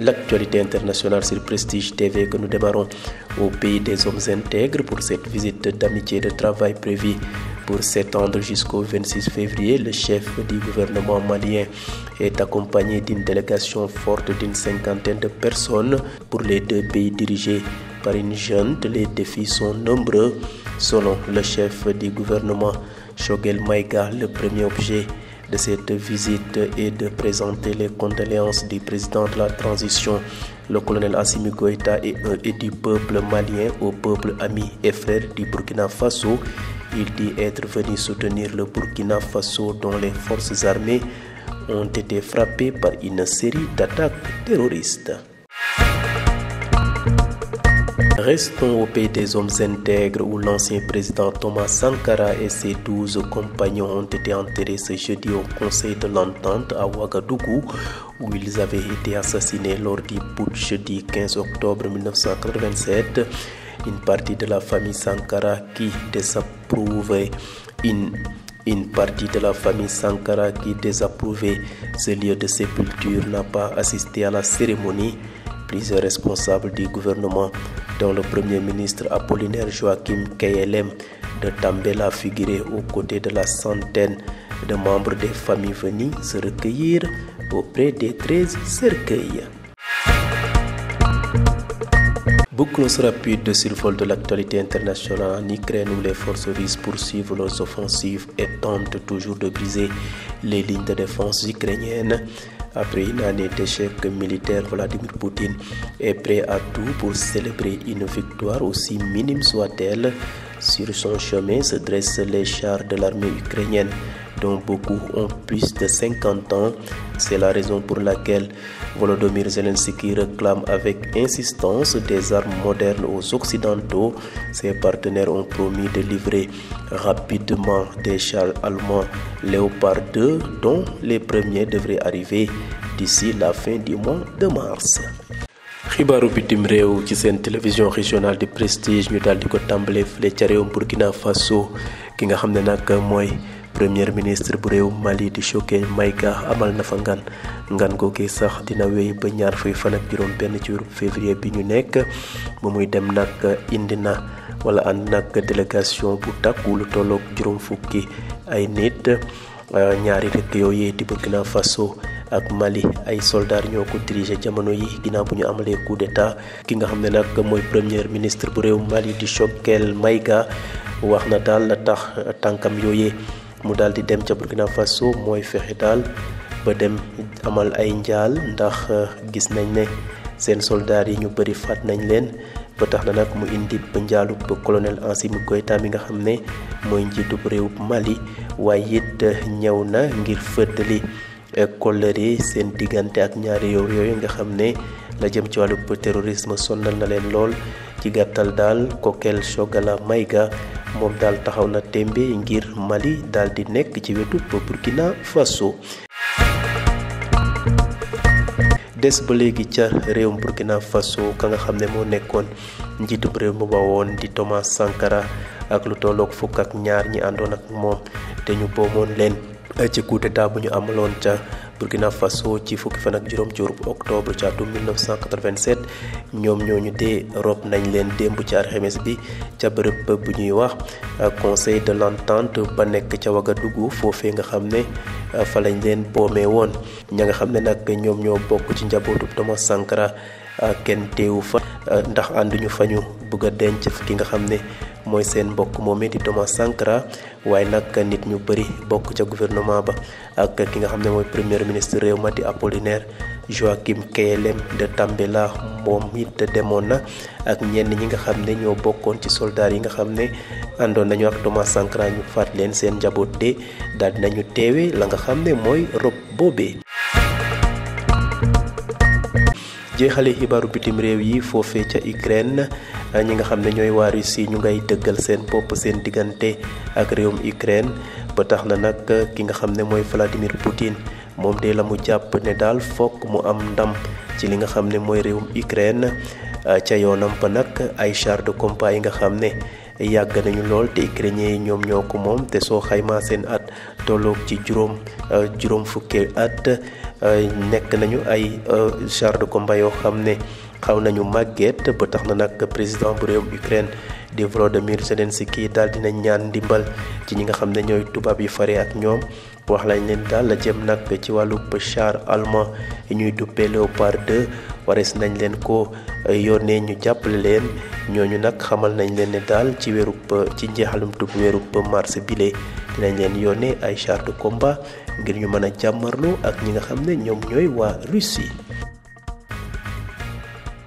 L'actualité internationale sur Prestige TV que nous démarrons au pays des hommes intègres pour cette visite d'amitié de travail prévue pour s'étendre jusqu'au 26 février. Le chef du gouvernement malien est accompagné d'une délégation forte d'une cinquantaine de personnes pour les deux pays dirigés par une jeune. Les défis sont nombreux selon le chef du gouvernement Shogel Maïga, le premier objet de cette visite et de présenter les condoléances du président de la transition, le colonel Assimi Goïta et, et du peuple malien au peuple ami et frère du Burkina Faso. Il dit être venu soutenir le Burkina Faso dont les forces armées ont été frappées par une série d'attaques terroristes. Restons au pays des hommes intègres où l'ancien président Thomas Sankara et ses douze compagnons ont été enterrés ce jeudi au Conseil de l'Entente à Ouagadougou où ils avaient été assassinés lors du putsch jeudi 15 octobre 1987. Une partie de la famille Sankara qui désapprouvait une une partie de la famille Sankara qui désapprouvait ce lieu de sépulture n'a pas assisté à la cérémonie Plusieurs responsables du gouvernement, dont le Premier ministre Apollinaire Joachim KLM de Tambela, figuré aux côtés de la centaine de membres des familles venues se recueillir auprès des 13 cercueils. Beaucoup Bouclons rapide survol de l'actualité internationale en Ukraine où les forces russes poursuivent leurs offensives et tentent toujours de briser les lignes de défense ukrainiennes après une année d'échec militaire, Vladimir Poutine est prêt à tout pour célébrer une victoire aussi minime soit-elle. Sur son chemin se dressent les chars de l'armée ukrainienne dont beaucoup ont plus de 50 ans. C'est la raison pour laquelle Volodymyr Zelensky réclame avec insistance des armes modernes aux Occidentaux. Ses partenaires ont promis de livrer rapidement des chars allemands Léopard 2, dont les premiers devraient arriver d'ici la fin du mois de mars. télévision régionale de prestige ñu daal di ko Burkina Faso premier ministre bu réew mali di choqué mayka amal na fa ngan ngan ke sax dina wéy ba ñaar fay fan ak juróom benn ci weeru février bi ñu nekk ba muy dem nak indi na wala and nak délégation bu takku lu tolloog juróom fukki ay nit euh, ñaari rek yooyee di burkina faso ak mali ay soldar ñoo ko diriger jamono yi ginnaaw bu ñu amalee coup d'état ki nga xam ne nag premier ministre bu réew mali di choquel mayga wax na daal la tax tànkam yooyee mu dal di dem ci burkina faso mooy fexe dal, ba dem amal ay njaal ndax euh, gis nañ ne seen soldat yi ñu bari fat nañ leen ba tax na nag mu indi ba njaalub colonel Assimi Goïta mi nga xam ne mooy njiitub Mali waaye it euh, ñëw na ngir fëddali euh, kolleri seen diggante ak ñaari yow yooyu nga xam ne la jëm ci wàllub terrorisme sonnal na leen lool ci gàttal daal kokel shogala mayga moom daal taxaw na tembe ngir Mali daal di nekk ci wetu Burkina Faso. des ba léegi ca réewum Burkina Faso ka nga xam ne moo nekkoon njiitu réew mu woon di Thomas Sankara ak lu tolloog fukk ak ñaar ñi àndoon ak moom te ñu boomoon leen ci coup bu ñu amaloon ca. Burkina Faso ci fukki fan ak juróom ci wërub octobre ci atum 1987 ñoom ñooñu dee rob nañ leen démb ci alxames bi ca bërëb bu ñuy wax euh, conseil de l'entente ba nekk ca Ouagadougou foofee nga xam ne euh, fa lañ leen boomee woon ña nga xam ne nag ñoom ñoo bokk ci njabootu Thomas Sankara euh, kenn teewu fa ndax ànduñu fañu bëgg a denc ki nga xam ne mooy seen mbokk moomee di Thomas Sankara waaye nag nit ñu bëri bokk ca gouvernement ba ak ki nga xam ne mooy premier ministre réew ma di Apollinaire Joachim Keyelem de Tambela moom it demoon na ak ñenn ñi nga xam ne ñoo bokkoon ci soldaar yi nga xam ne àndoon nañu ak Thomas Sankara ñu faat leen seen njaboot de daal dinañu teewe la nga xam ne mooy rob boobee jeexale xibaaru bitim réew yi foofee ca Ukraine ñi nga xam ne ñooy waa Russie ñu ngay dëggal seen popp seen diggante ak réewum Ukraine ba tax na nag ki nga xam ne mooy Vladimir Poutine moom de la mu jàpp ne daal fokk mu am ndam ci li nga xam ne mooy réewum Ukraine ca yoonam ba nag ay char de combat yi nga xam ne. yàgg nañu lool te ukrainien yi ñoom ñoo ko moom te soo xaymaa seen at tolloog ci juróom euh, juróom fukki at euh, nekk nañu ay euh, char de combat yoo xam ne xaw nañu màgget ba tax na nag président bu réewum Ukraine di Volodymyr Zelensky daal dina ñaan ndimbal ci ñi nga xam ne ñooy tubaab yi fare ak ñoom wax lañ leen daal la jëm nag ci wàllu char allemand yi ñuy duppee Léopard 2 warees nañ leen ko euh, yónnee ñu jàppale leen ñooñu nag xamal nañ leen ne daal ci weerub euh, ci njeexalum tub weerub mars bile dinañ leen yónnee ay char de combat ngir ñu mën a jàmmarlu ak ñi nga xam ne ñoom ñooy waa yi